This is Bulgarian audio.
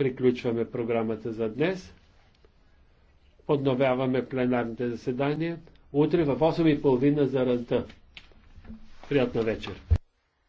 Приключваме програмата за днес. Подновяваме пленарните заседания. Утре в 8.30 за ранта. Приятна вечер!